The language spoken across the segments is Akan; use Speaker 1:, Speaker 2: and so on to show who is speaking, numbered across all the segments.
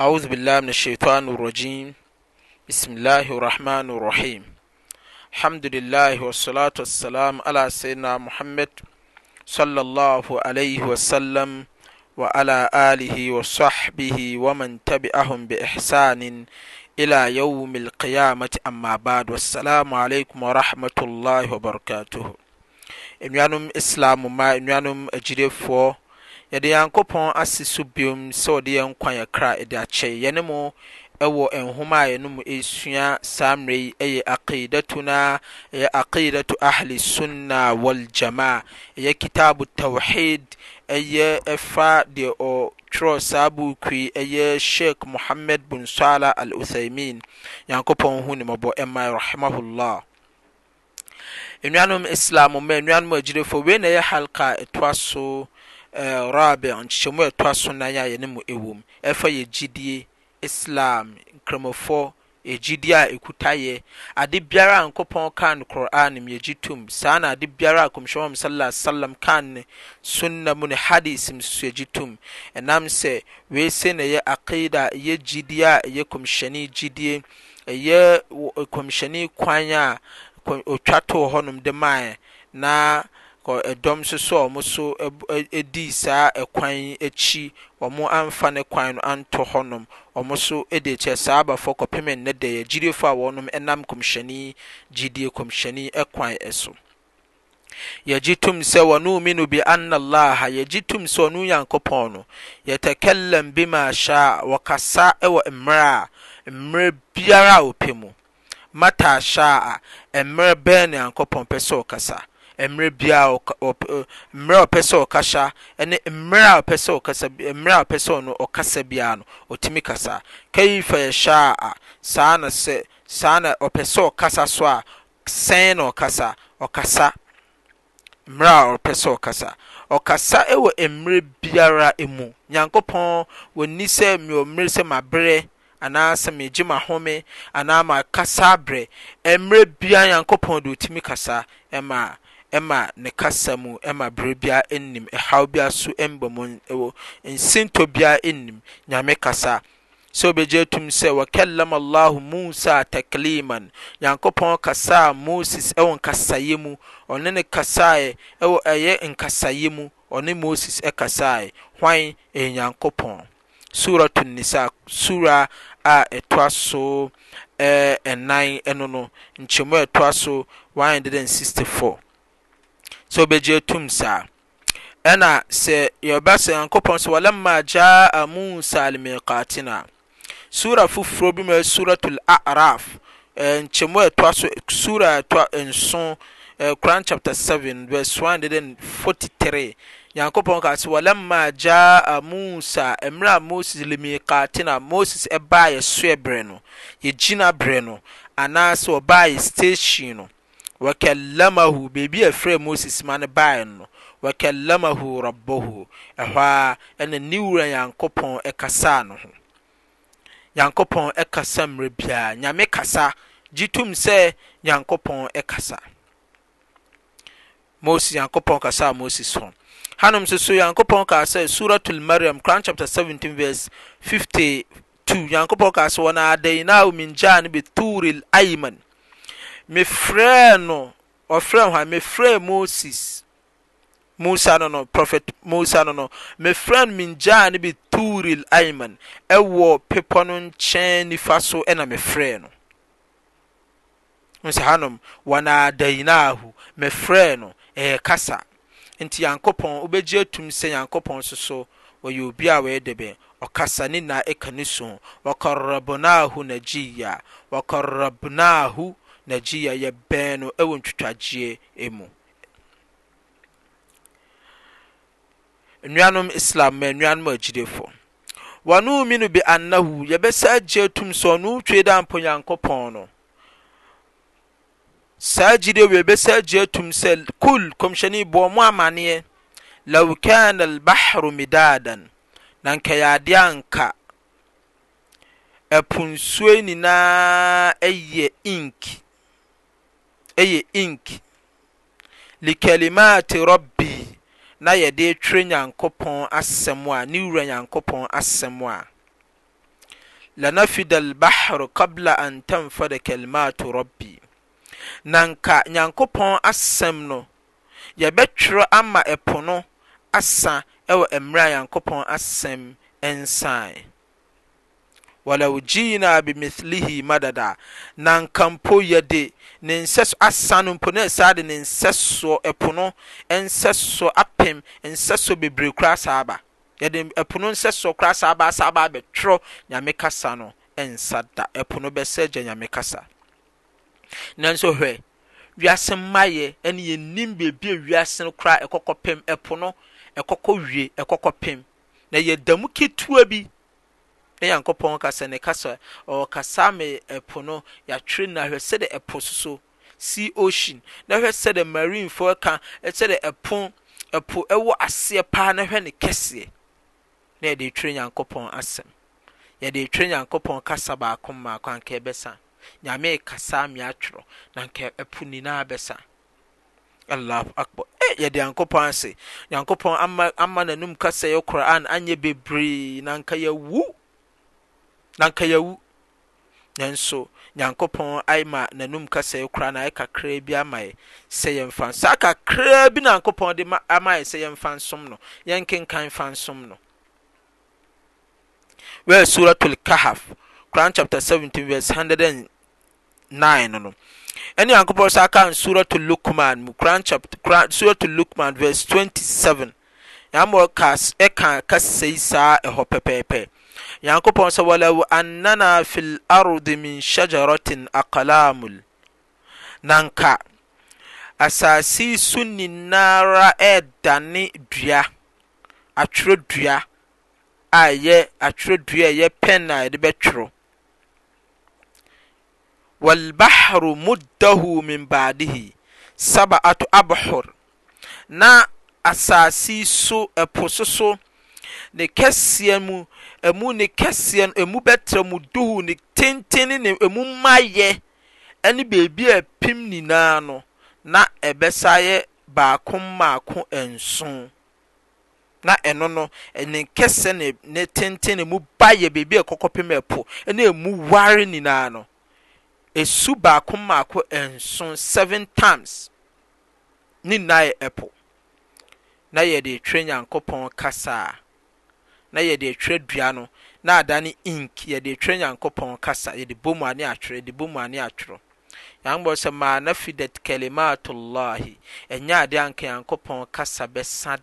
Speaker 1: أعوذ بالله من الشيطان الرجيم بسم الله الرحمن الرحيم الحمد لله والصلاة والسلام على سيدنا محمد صلى الله عليه وسلم وعلى آله وصحبه ومن تبعهم بإحسان إلى يوم القيامة أما بعد والسلام عليكم ورحمة الله وبركاته إنوانم إسلام ما إنوانم أجريفو yɛde nyankopɔn ase so biom sɛ ɔde yɛn nkwa yɛ kra ɛde akyɛ yɛne mu ɛwɔ nhoma a mu ɛsua saa mmerɛ yi ɛyɛ na ɛyɛ aqidatu ahli sunna wal jamaa ɛyɛ kitabu tawhid ɛyɛ ɛfa deɛ ɔtwerɛ saa buuku yi ɛyɛ sheikh muhammad bin sala al uthaimin nyankopɔn ne mɔbɔ ɛma rahimahullah nnuanom islam ma nnuanom agyirefo wei na ɛyɛ halka ɛtoa so Eh, rabe nkyekyɛmu aɛtɔa sonaayɛne mu ɛwɔ m ɛfa yɛgyidie islam nkramɔf ɛgyidie a ɛkutaeɛ ade biara a nkopɔn kan curan myɛgye tom saa na ade biara a komisyion m saasalm kan sunna mu no hadic m sugyi tum ɛnam sɛ wese ne ɛyɛ akida yɛ gyidie a ɛyɛ komishɛnii gyidie ɛyɛkomisyɛni kwan a ɔtwa toɔ hɔnom de mana ɛdɔm nso so a wɔn nso di saa kwan akyi wɔn amfa ne kwan no antɔ hɔnom wɔn nso de kyɛ saa abafo kɔpem ne da yɛ fo a wɔnom nam kɔmhyɛni gyidie kɔmhyɛni kwan so yɛgye tum sɛ wɔno no bi anna laha yɛgye tom sɛ ɔno nyankopɔn no yɛtɛkɛlɛm bi ma ahyɛ a wɔkasa wɔ mmerɛ a mmerɛ biara a wɔpɛ mu mata ahyɛ a mmerɛ bɛɛ ne nyankopɔn pɛ sɛ ɔkasa mmerɛ bia a mmerɛ a ɔpɛ sɛ ɔkasa ne mmerɛ a ɔpɛ sɛ ɔkasa mmerɛ a ɔpɛ sɛ ɔno ɔkasa biara no ɔtumi kasa kaifa yɛhyɛ a saa na sɛ saa na ɔpɛ sɛ ɔkasa so a sɛn na ɔkasa ɔkasa mmerɛ a ɔpɛ sɛ ɔkasa ɔkasa wɔ mmerɛ biara mu nyankopɔn wɔnni sɛ mewɔ mmerɛ sɛ maberɛ anaasɛ megye mahome anaa makasa aberɛ mmerɛ biara nyankopɔn de ɔtumi kasa ma ɛma ne kasa mu ɛma berɛ biara nnim ɛhaw biara so mbɔ mu ɛwɔ nsintɔ biara nnim nyame kasa sɛ obɛgye tom sɛ wakallam allahu musa takliman nyankopɔn kasaa moses ɛwɔ nkasaeɛ mu ɔne ne kasaeɛ ɛwɔ ɛyɛ nkasaeɛ mu ɔne moses ɛkasaeɛ hwan ɛyɛ nyankopɔn suratu nisa sura a ɛtoa so ɛnan ɛno no nkyɛmu a ɛtoa so 164 sbɛgyee tom saa ɛna sɛ yɛbs nyankopɔn s waama jaa mosa lemikarten a sura fufuro bi ma suratlaraf nkyɛmoa ɛtoa so sura ɛtoa nso koran ap 7 vs143 nyankopɔnkas waama jaa mosa mmerɛ mosis lemirkarten a moses baa yɛsuɛ berɛ no yɛgyina berɛ no anaasɛ wɔba yɛ stethin no wakalamahbebi afrɛ moses ma ne baɛ n no wakalamaho rabbɔho ɛhɔ a ɛna newura nyankopɔn ɛkasa no ho nyankopɔn ɛkasa mmerɛ biaa nyame kasa gye tum sɛ yankopɔɛkaayankopɔ kasa moses ho hanom soso nyankopɔn kasɛ suratlmariam coran chapter 17 vs52 yankopɔasadainaho mingane betrelman mefrɛɛ no ɔfrɛ hɔ a mefrɛɛ moses musa no no prophet musa no no mefrɛ no mengyaa no bi turil aiman ɛwɔ pepɔ no nkyɛn nifa so ɛna mefrɛɛ no nso hanom wɔnaadainaho mefrɛɛ no ɛyɛ kasa nti nyankopɔn wobɛgye atum sɛ nyankopɔn so so wɔyɛ obi a ɔkasa ne na ɛka ne so ngiya yɛbɛɔtwitwayɛmu nnuanom islam ma nnuanom gyiefo wɔnoomi no biannahu yɛbɛsa gye atum sɛ ɔno wotwe da amponyankopɔn no saa gyide wi yɔbɛsa gye atum sɛ kul kɔmhyɛneiboɔ mu amaneɛ law kana albahro midadan na nkɛyɛ ade nka aponsuo nyinaa ɛyɛ ink ɛyɛ ink he calimate rɔbi na yɛdeɛ twere nyankopɔn asɛm a ne wura nyankopɔn asɛm a lanafidal bahr kabla antamfo he calimato rɔbi nanka nyankopɔn asɛm no yɛbɛtwerɛ ama ɛpo no asa ɛwɔ mmmerɛ a nyankopɔn asɛm nsae walao giino a bemithlihi madadaa nankampo yɛde ne nsɛ so asano mpo ne ɛsa de ne nsɛ soɔ ɛpo no nsɛ sɔ apem ɛnsɛ soɔ bebree korasaaba ɛdepo n ns soɔ korasaabasaabaa bɛtorɛ nyame kasa no nsa da ɛpo no bɛsɛ gya nyame kasa nanso hɛ wiase mayɛ nyɛn bebia wiasen kora ɛkpkkp n yɛdam ketua bi na nyankopɔn kasa ne kasa ɔkasa me ɛpo no yɛatwere no ahwɛ sɛde ɛpo soso sea ocean na hwɛ sɛde marinefoɔ ka sɛde ɛpo ɛpo ɛwɔ aseɛ paa na hwɛ ne kɛseɛ na yɛde twere nyankopɔn asɛm yɛde twere nyankopɔn kasa baako mmaako anka ɛbɛsa nyame kasa me atwerɛ na anka ɛpo nyinaa bɛsa allahu akbar eh yɛde nyankopɔn ase nyankopɔn ama ama n'anum kasa yɛ koran anyɛ bebree na anka yɛwu nanka yawu nanso nyankopɔn ai ma nanom kasɛi koraa na aɛ kakraa bi ama yɛ sɛ yɛ mfa n saa kakraa bi nnyankopɔn de ama yɛ sɛ yɛ mfa nsom no yɛnkenkan fa nsom no weɛ suratulkahaf koraan chapter 17 vrs 19 noɛne nyankopɔsaka surata lukman muora suratalukman vrs 27 aka kasɛi saa ɛhɔ pɛpɛɛpɛ yankpɔs wal annanafi larde min shagaraten aklamun nanka asasi so ninara ɛdane dua twɛaawɛayɛ pena de bɛtoro walbahro muddaho men baadihi saat abhor na asasi so ɛpo soso ne kɛsa mu ɛmu ne kɛseɛ no ɛmu bɛtrɛ mu duhu ne tenten ne ɛmu mayɛ ɛne beebi a pim nyinaa no na ɛbɛsa yɛ baako mmaako nson na ɛno no ne kɛseɛ ne ne tenten ne mu ba yɛ beebi a kɔkɔ pim ɛpo ɛne ɛmu ware nyinaa no esu baako mmaako nson seven times ne nyinaa yɛ ɛpo na yɛde etwe nyankopɔn kasa na yɛde atwerɛ dua no na adane ink yɛde atwerɛ nyankopɔn kasa yɛde bom ane atwerɛ yɛde bom ane atwerɛ yankopɔn sɛ maa nafidat kalimatullah ɛnyɛ ade anka nyankopɔn kasa bɛsa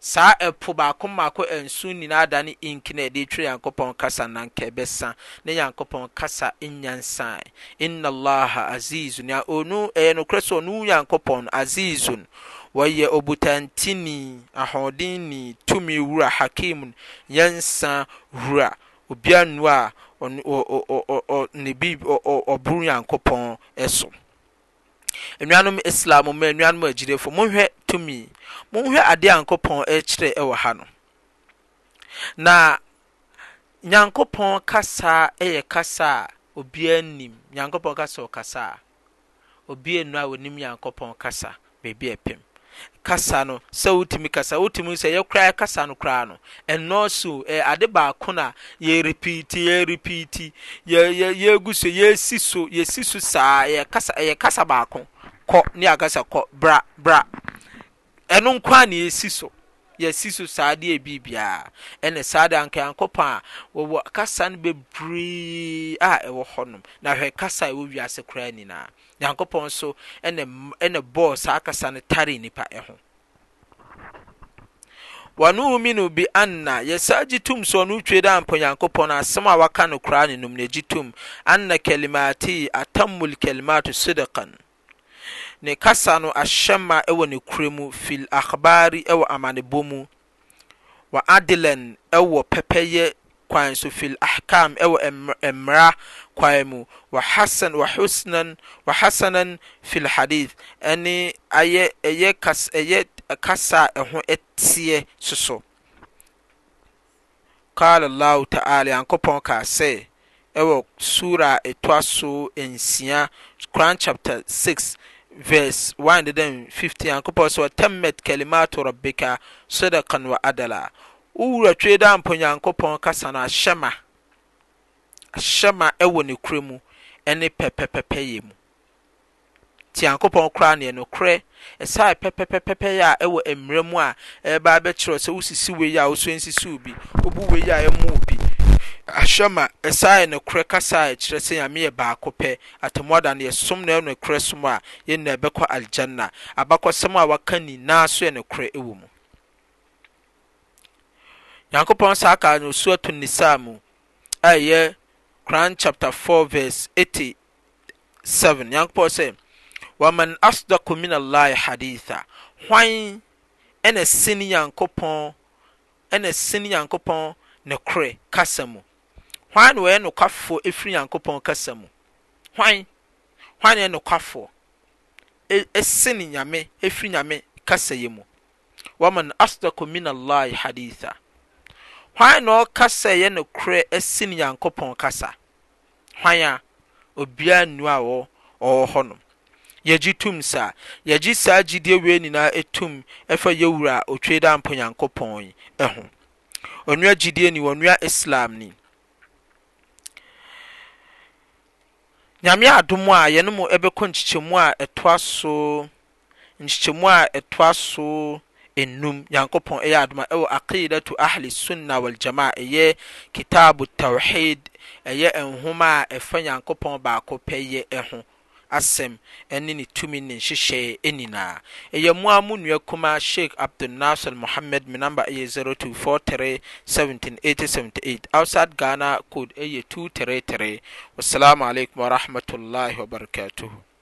Speaker 1: saa ɛpo baako mmaako nsu nyinaa da ne ink na ɛde twere nyankopɔn kasa na nka ɛbɛsa ne nyankopɔn kasa nyansan inna allaha azizun a onu ɛyɛ nokorɛ sɛ ɔno nyankopɔn azizun wɔyɛ obutantini ahoɔdenni tumi wura hakim yɛnsa wura obia a ɔne bi ya nyankopɔn ɛso nnuanom islam ma nnuanom agyirefo monhwɛ tumi monhwɛ adeɛ a nyankopɔn ɛkyerɛ ɛwɔ ha no na nyankopɔn kasa ɛyɛ kasa a obiara nim nyankopɔn kasa ɔkasa a obiara nnu a onim nyankopɔn kasa baabi a ɛpem kasa no sɛ wotumi kasa wotumi sɛ yɛkora kasa no koraa no ɛnɔɔso ɛ ade baako na yɛrepiiti yɛrepiiti yɛ yɛgu so yɛsi so yɛsi so saa yɛ kasa yɛ kasa baako kɔ ne akasa kɔ bra bra ɛno nkoa na yɛsi so yɛasi so saa deɛ birbiaa ɛne saadeɛ anka nyankopɔn a wɔwɔ kasa no bebrei a ɛwɔ hɔ nom na hwɛ kasa a ɛwɔ wiase koraa ninaa nyankopɔn nso ɛne bɔɔ saa kasa no tare nnipa ɛho wa nominu bianna yɛsaa gye tom so ɔne twe dɛ ampa nyankopɔn asɛm a waka no koraa ne nom na ɛgyi tom anna calimatii atammul calimato sidikan ne kasa no ahyɛ ma ɛwɔ nekurɛ mu fi lahbare wɔ amanebo mu wa adelan wɔ pɛpɛyɛ kwan so fi lahcam ɛwɔ mmera kwan mu wahasanan fi lhadith ɛne yɛ kasaa ɛho teɛ soso alh taaa yankopɔn ka sɛ ɛwɔ sura ɛtoa so nsia coran capter6 verse 150 nyankopɔn sɛ ɔtammat kalimato rabbika sadakan wa adala wowura twe da mpo nyankopɔn kasa no ahyɛ ma ahyɛ ɛwɔ ne korɛ mu ɛne pɛpɛpɛpɛyɛ mu nti nyankopɔn koraa neɛ nokorɛ ɛsaa pɛpɛpɛpɛpɛyɛ a ɛwɔ mmerɛ mu a ɛba abɛkyerɛ sɛ wosisi wei a woso nsisi bi wobu wei a ɛmu bi ahwɛ ma ɛsaa yɛ nokorɛ kasa a ɛkyerɛ sɛ nyame yɛ baako pɛ atemmuada no yɛsom na ɛyɛ nokorɛ som a yɛnna ɛbɛkɔ aljanna abakɔsɛm a waka nyinaa so yɛ nokorɛ ɛwɔ mu nyankopɔn saa ka no suato nisa mu a ɛyɛ Quran chapter 4 verse 87 nyankopɔn sɛ waman asdaqu min allahi haditha hwan ɛna sini nyankopɔn ɛna sini nyankopɔn ne korɛ kasa mu hwan na wɔyɛ nokwafoɔ ɛfiri nyankopɔn kasa mu hwan hwan na ɛyɛ nokwafoɔ ɛsi e, ne nyame ɛfiri nyame kasa yi mu wɔman asdako min allahi hadiza hwan na ɔkasa yɛ nokorɛ esi ne nyankopɔn kasa hwan a obiara nnu a wɔ ɔwɔ hɔ no yɛgye tum saa yɛgye saa gyidie wei nyinaa etum ɛfa yɛwura otwe da mpo nyankopɔn yi ɛho onua gyidie ni onua islam ni nyame adomɔ a yɛno mu bɛkɔ nmankyikyɛmu a ɛtoa so num nyankopɔn ɛyɛ adom a ɛwɔ aqidato ahlissunna waljamaa ɛyɛ kitab tawhid ɛyɛ nhoma a ɛfa nyankopɔn baako pɛyɛ ho asem e nini tumi nensheshee enina eyamoa munuwa kuma sheikh abduلnasel mohammed me namber ay 0243 7878 ousad ghana code ey 2 tee tre wassalamu aleykum warahmatuاllahi wabarakatuh